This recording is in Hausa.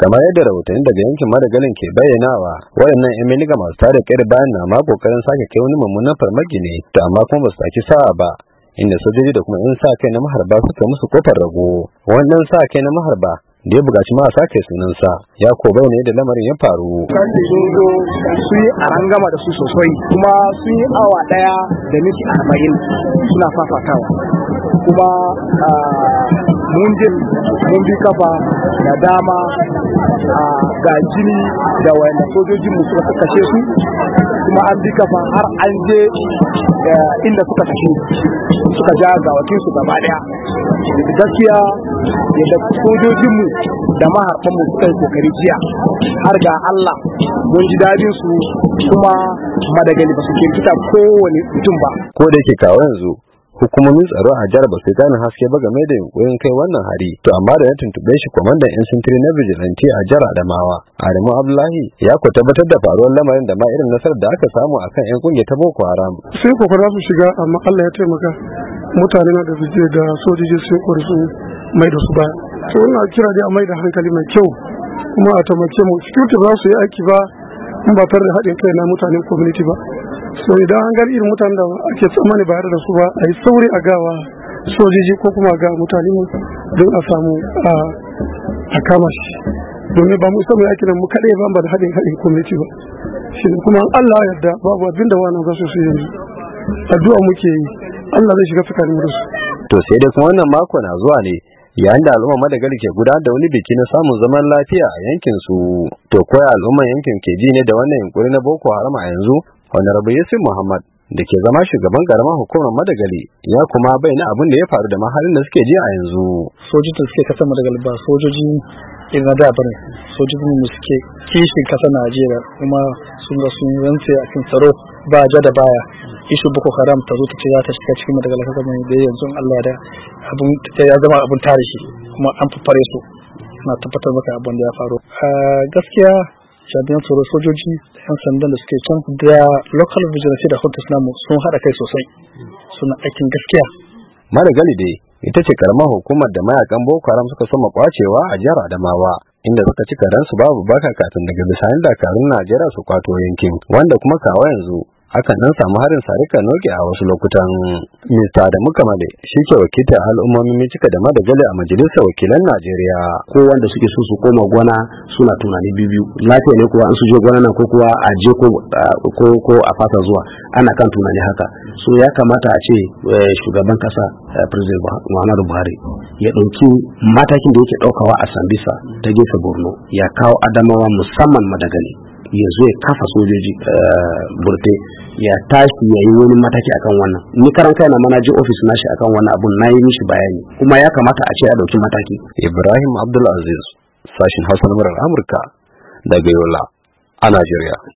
kamar yadda rahotanni daga yankin madagalin ke bayyanawa waɗannan yan miliga masu tare kai bayan na ma kokarin sake kai wani mummunan farmaki ne da amma kuma ba su saki sa'a ba inda sojoji da kuma yan sa kai na maharba suka musu kofar rago wannan sa kai na maharba da ya bugaci ma a sake sunansa ya ko bai ne da lamarin ya faru kanti sun zo su yi arangama da su sosai kuma sun yi awa ɗaya da miki arba'in suna fafatawa kuma ah, mun je mun bi kafa da dama a ga jini da wanda sojojin mu suka kashe su kuma an bi kafa har an je eh, inda suka kashe suka ja gawakin su gaba daya gaskiya yadda sojojin mu da maharfan mu suka yi kokari jiya har ga Allah mun ji dadin su kuma madagali ba su kirkita kowane mutum ba ko da yake kawo yanzu hukumomin tsaro a jihar basu gane haske ba game da yunkurin kai wannan hari to amma da ya tuntube shi kwamandan yan sintiri na vigilante a jihar adamawa adamu abdullahi ya ku tabbatar da faruwar lamarin da ma irin nasarar da aka samu a kan yan kungiyar ta boko haram sai ku za su shiga amma allah ya taimaka mutane na da fice da sojoji sun kori su mai da su ba to wannan kira dai a mai da hankali mai kyau kuma a taimake mu security ba su yi aiki ba in ba tare da haɗin kai na mutanen community ba so idan an gari irin mutanen da ake tsammani ba da su ba a yi sauri a gawa sojoji ko kuma ga mutane don a samu a kama shi domin ba mu isa mai aikin mu kaɗai ba ba da haɗin haɗin kwamiti ba shi kuma Allah yadda babu da wani za su su yanzu addu'a muke yi Allah zai shiga tsakanin mu to sai dai kuma wannan mako na zuwa ne yayin da al'umma madagali ke guda da wani biki na samun zaman lafiya a yankin su to koya al'umman yankin ke ji ne da wannan yunkuri na boko haram a yanzu honorable yusuf muhammad da ke zama shugaban karamar hukumar madagali ya kuma bayyana abin da ya faru da mahalin da suke ji a yanzu sojoji da suke kasar madagali ba sojoji irin na da bane sojojin mu suke kishin kasar najeriya kuma sun ga sun rantse a kan tsaro ba ja da baya Isu boko haram ta zo ta ce za ta shiga cikin madagali kasar mai da yanzu allah da abin ya zama abin tarihi kuma an fafare su na tabbatar maka abin da ya faru ah, gaskiya jami'an tsaro sojoji da 'yan sandan da suke can da local vigilante da suna namu sun haɗa kai sosai suna aikin gaskiya mara dai ita ce karamar hukumar da mayakan boko haram suka soma kwacewa a jihar adamawa inda suka ci karansu babu baka kafin daga bisanin dakarun najeriya su kwato yankin wanda kuma kawo yanzu Hakan nan samu harin sarika noke a wasu lokutan mista da muka male shi ke wakilta al'ummomin micika da madagali a majalisar wakilan najeriya ko wanda suke so su koma gona suna tunani biyu lafiya ne kuwa an su je gona na ko kuwa a je ko a fasa zuwa ana kan tunani haka so ya kamata a ce eh, shugaban kasa eh, president muhammadu buhari ya ɗauki matakin da yake ɗaukawa a sambisa ta gefe borno ya kawo adamawa musamman madagali ya zo ya kafa sojoji eh, burte ya tashi ya yi wani mataki akan wannan ni karan kaina mana je ofis nashi akan wannan abun na yi mishi bayani kuma ya kamata a ce a dauki mataki ibrahim abdulaziz sashin hausa na amurka daga yola a najeriya